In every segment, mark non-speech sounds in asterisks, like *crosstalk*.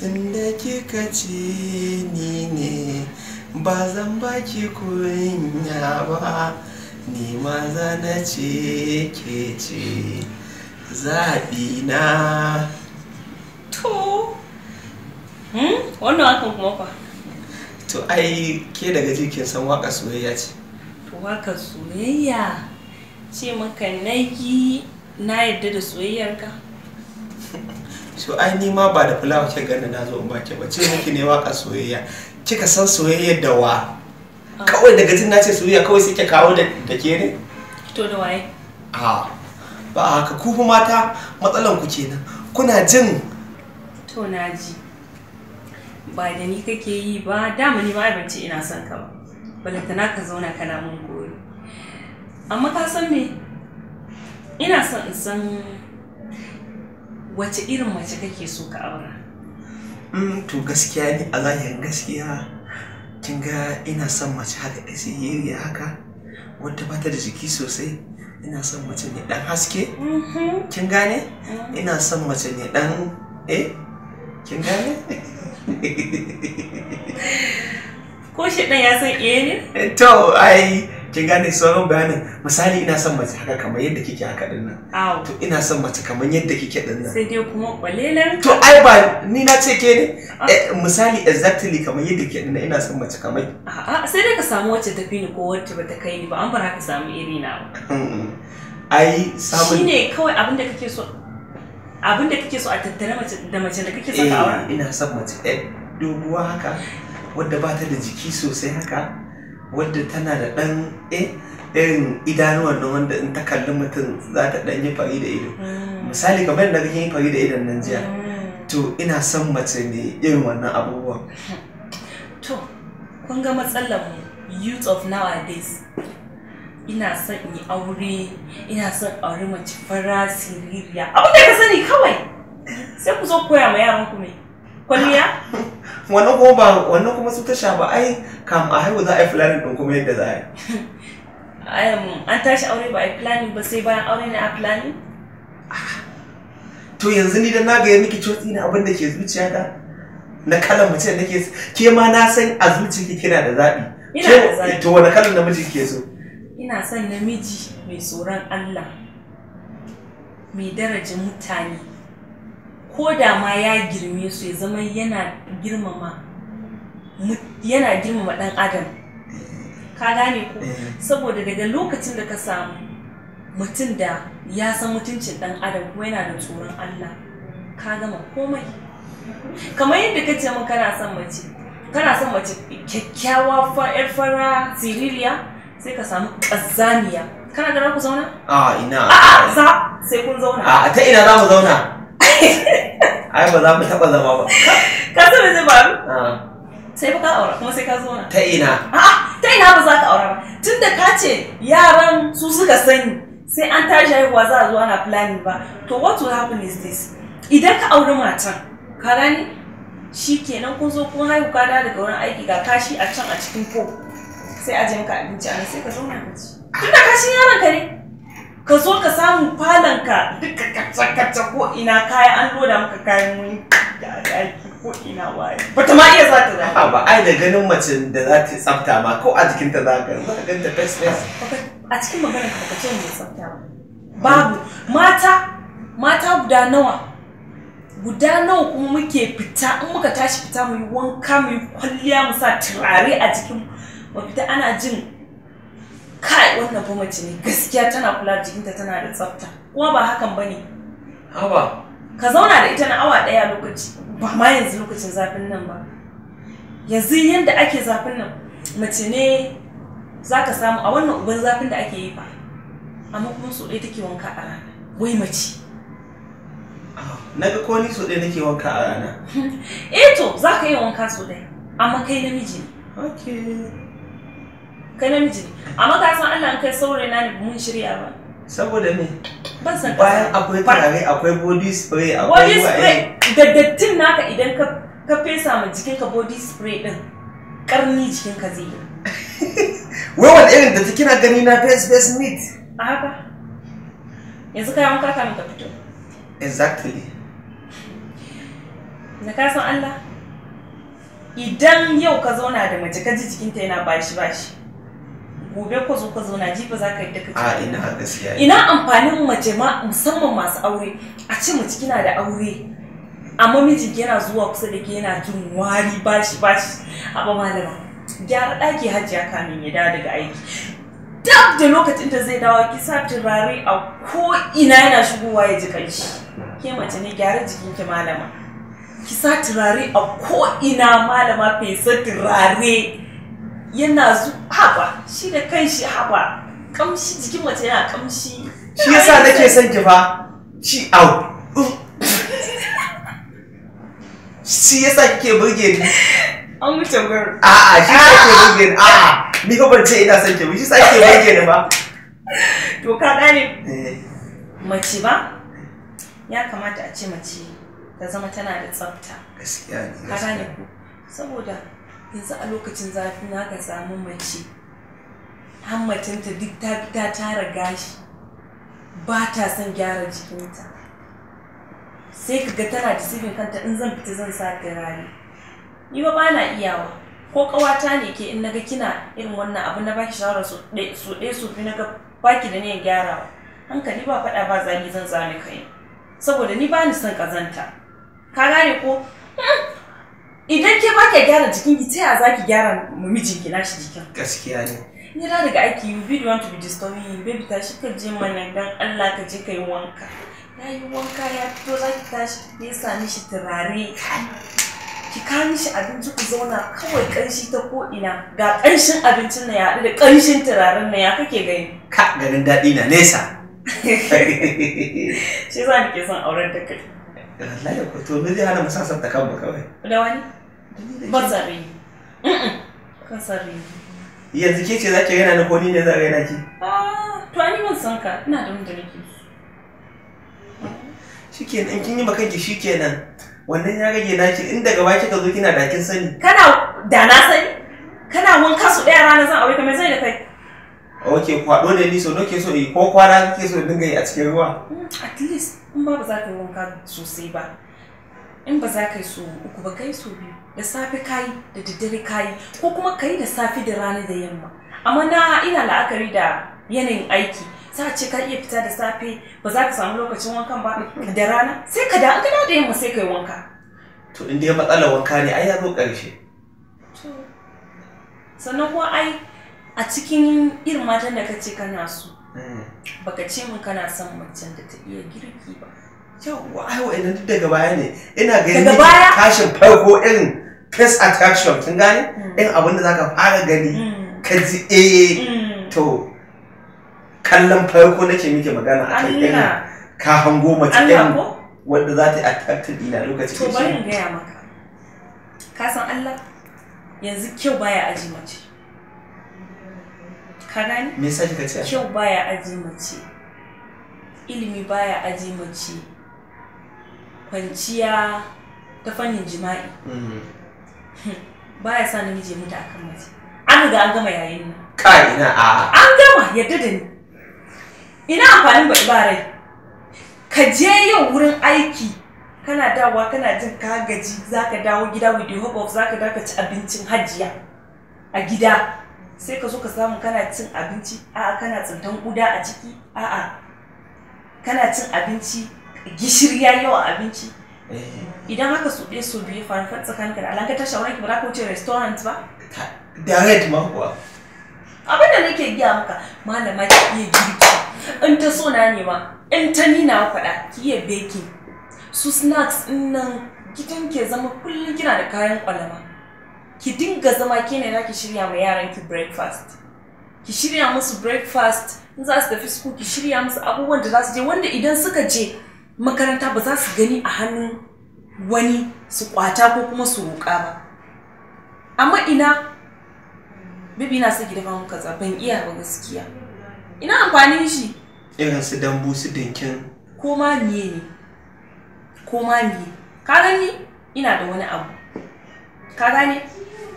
tunda kika ce ni ne ba zan baki kunya ba ni maza na ce ke ce zaɓi na to hmm? wannan wakan kuma kwa to ai ke daga jikin san waka soyayya ce to waka soyayya ce maka nagi na yarda da soyayyarka so ai ni ma ba da fulawa ce gani na zo ba ce ba ce miki ne waka soyayya kika san soyayya da wa ah. kawai daga jin na ce soyayya kawai suke kawo da ke ne to da waye a ba haka ku fi mata matsalan ku kenan kuna jin to na ji ba da ni kake yi ba dama ni ba ban ce ina son ka ba balantana ka zauna kana mun gori amma ka san me ina son in san wace irin mace kake so ka aura mm, to gaskiya ni a zahirin gaskiya kin ga ina son mace haka asiririya eh, haka wadda ba ta da jiki sosai ina son mace ne dan haske mm-hmm. kin gane mm. ina son mace ne dan eh kin gane ko shi dan ya san iye eh ne *laughs* to ai kin gane sauran bayanin misali ina son mace haka kamar yadda kike haka din nan to ina son mace kamar yadda kike din nan sai dai kuma kwalelan to ai ba ni na ce ke ne ah. eh, misali exactly kamar yadda kike din nan ina son mace kamar a'a sai dai ka samu wacce tafi ni ko wacce bata kai ni ba an bar haka samu iri na ai samu shine kawai abin da kake so abin da kake so a tattare mace da mace da kake so ka aura eh, ina son mace eh, doguwa haka wadda ba ta da jiki sosai haka wadda tana da ɗan eh, irin idanuwan nan wanda in ta kalli mutum za ta ɗan yi fari da ido mm. misali kamar da kake yin fari da idon nan jiya mm. to ina son mace ne irin wannan abubuwan *laughs* to kun ga matsalar youth of nowadays ina son in yi aure ina son aure mace fara siririya abin da ka sani kawai eh. sai ku zo koya ma yaran ku mai kwalliya *laughs* wannan kuma ba wannan kuma su tasha ba ai kam a haihu za a yi planning din kuma yadda za a yi *laughs* an tashi aure ba a yi planning ba sai bayan aure ne a planning to yanzu ni da na ga miki coci na abin da ke zuciya ta na kalan mutum da ke ke ma na san a zuciya kina da zaɓi ina da zaɓi to wani kalan namiji ke so ina son namiji mai tsoron Allah mai daraja mutane ko da ma ya girme su ya zama yana girmama yana girmama dan adam ka gane ko eh. saboda daga lokacin da ka samu mutum da ya san mutuncin dan adam kuma yana da tsoron Allah ka gama komai kamar yadda ka ce min kana son mace kana son mace kyakkyawa fa'ir fara siririya, sai ka samu kazzaniya kana gara ku zauna a ah, ina a sai kun zauna a ah, ta ina za mu zauna *laughs* ai ba za mu taɓa zama ba *laughs* ka sani me ba? Ah. sai ba ka aura kuma sai ka zauna ta ina a'a ta ina ba za ka aura ba tunda ka ce yaran su suka sani sai an tashi haihuwa za a zo ana planning ba to what will happen is this idan ka auri matan ka gani shi kenan kun zo kun haihu ka daga wurin aiki ga kashi a can a cikin ko sai a je maka abinci a sai ka zauna ka ci tunda kashin yaron ka ne ka zo ka samu falonka duka kacce-kacce ko ina kayan an loda maka kayan wani da aiki ko ina waye ba ta ma iya za ta zama ba ai da ganin mace da za ta tsafta ma ko a jikinta za ka za ka ganta face face a cikin magana ka ka ce mai tsafta ba babu mata mata guda nawa guda nawa kuma muke fita in muka tashi fita mu yi wanka mu yi kwalliya mu sa turare a jikin mu ba fita ana jin kai wannan fa mace ne gaskiya tana kula da jikinta tana da tsafta kuma ba hakan bane haba ka zauna da ita na awa daya lokaci ba ma yanzu lokacin zafin nan ba yanzu yanda ake zafin nan mace ne zaka samu a wannan uban zafin da ake yi fa amma kuma so ɗaya take wanka a rana wai mace ah, na ga ko ni so ɗaya nake wanka a rana *laughs* eh to za ka yi wanka so ɗaya amma kai namiji ne okay Ka namiji ne amma ka san Allah kai saurayi na ne mun shirya ba saboda me ban san bayan akwai turare akwai body spray akwai body spray da dattin naka idan ka ka fesa ma jikin ka body spray din karni jikin ka zai yi *laughs* wai wani irin da kina gani na face face meat a haka yanzu kayan kaka ka fito exactly na san Allah idan yau ka zauna da mace ka ji jikinta yana bashi bashi gobe ko zo na zauna jifa za ka yi ka ci ina gaskiya ina amfanin mace ma musamman masu aure a ce mace kina da aure amma miji yana zuwa kusa da ke yana jin wari bashi bashi a ba malama gyara ɗaki hajiya kamin ya dawo daga aiki dab da lokacin da zai dawo ki sa turare a ko ina yana shigowa ya ji kanshi ke mace ne gyara jikin ki malama ki sa turare a ko ina malama fesa turare yana zu haba shi da shi haba kamshi jikin mace yana kamshi shi yasa nake son ki fa shi au shi yasa kike burge ni an wuce a a'a shi yasa kike burge ni a ni ko ban ce ina son ki shi yasa kike burge ni ba *laughs* to ka gane eh. mace ba ya kamata a ce mace ta zama tana da tsafta gaskiya ne ka gane ko saboda yanzu a lokacin zafi na ka samu mace hammatinta duk ta ta tara gashi ba ta son gyara jikinta sai ka ga tana da sifin kanta in zan fita zan sa turare ni ba ba na iyawa ko ƙawata ne ke in na ga kina irin wannan abu na baki shawara su ɗaya su fi naga baki da niyan gyarawa hankali ba faɗa ba zagi zan zane kai saboda ni ba ni son ƙazanta ka gane ko Idan ke ba ka gyara jikin ki ta za ki gyara mijin ki nashi jikin? Gaskiya ne. Ni na daga aiki you be want to be disturbing you baby shi ka je mana dan Allah ka je kai wanka. Na yi wanka ya fito za ki tashi ya sami shi turare. Ki kawo mishi abinci ku zauna kawai ƙanshi ta ko'ina ga ƙanshin abincin na ya haɗu da ƙanshin turaren na ya kake gani. Ka ganin daɗi na nesa. *laughs* Shi za ni ke son auren da kai. Wallahi ko to me zai hana mu kan kanmu kawai. Da wani? Bazari. Kasari. *laughs* Yanzu ke ce za ki gaina na ko ni ne za gaina ki? Ah, to ni ban san ka, ina da wanda nake Shikenan kin yi makanki nan, Wannan ya rage naki in daga baki ka zo kina da kin sani. Kana da na sani? Kana wanka su ɗaya rana zan aure ka mai zai da kai? Ok, kwaɗo ne ni so nake so yi ko kwana kake so dinga yi a cikin ruwa? Hmm, at least in ba ba za ka yi wanka sosai ba. in ba za ka yi so uku ba kai so biyu da safe kayi da daddare kayi ko kuma kayi da safe da rana da yamma amma na ina la'akari da yanayin aiki za ce ka iya fita da safe ba za ka samu lokacin wankan ba *laughs* da rana sai ka da an gada da yamma sai ka yi wanka to in dai matsalar wanka ne ai ya zo ƙarshe sannan kuma ai a cikin irin matan da ka ce kana so hmm. baka ce min kana son macen da ta iya girki ba yawwa ai wa'annan duk daga baya ne ina ganin daga baya kashin farko irin first attraction kin gane hmm. in abin da zaka fara gani hmm. ka ji eh hmm. to kallon farko nake miki magana a kan irin ka hango mace ɗin. wanda za ta yi attracted ina lokacin to bari in gaya maka ka san Allah yanzu kyau baya aji mace ka gani me yasa kika ce kyau baya aji mace ilimi baya aji mace kwanciya ta fannin jima'i mm-hmm. *laughs* baya sa namiji mutu akan mace an ga an gama yayin nan kai na a an gama yadda da ni ina amfanin bai ba rai ka je yau wurin aiki kana dawa kana jin ka gaji zaka dawo gida with the hope of zaka da ka ci abincin hajiya a gida sai ka zo ka samu kana cin abinci a'a kana tsintan guda a ciki a'a kana cin abinci gishiri ya abinci eh. idan haka su ɗaya su biyu farfar kan tsakanin ka da ta shawarar ki ba za ka wuce restaurant ba direct ma kuwa abinda nake giya maka malama ki iya girki in ta so na nema in ta nina faɗa ki iya baking su snacks in nan gidan ke zama kullum kina da kayan ƙwalama. ki dinga zama ke ne za ki shirya ma yaran ki breakfast ki shirya musu breakfast in za su tafi suku ki shirya musu abubuwan da za su je wanda idan suka je makaranta ba za su gani a hannun wani su kwata ko kuma su roƙa ba amma ina bibi na su gida mun kaza ban iya ba gaskiya ina amfani shi irin su dambu su dinkin ko ma ne koma ma ka gani ina da wani abu ka gani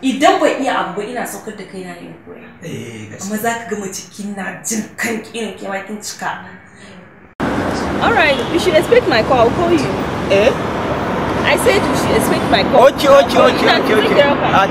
idan ban iya abu ba ina saukar da kaina ne koya eh, amma za ka gama cikin na jin kan kiran kin cika Alright, you should expect my call. I'll call you. Eh? I said you should expect my call. Okay, okay, okay, okay. okay.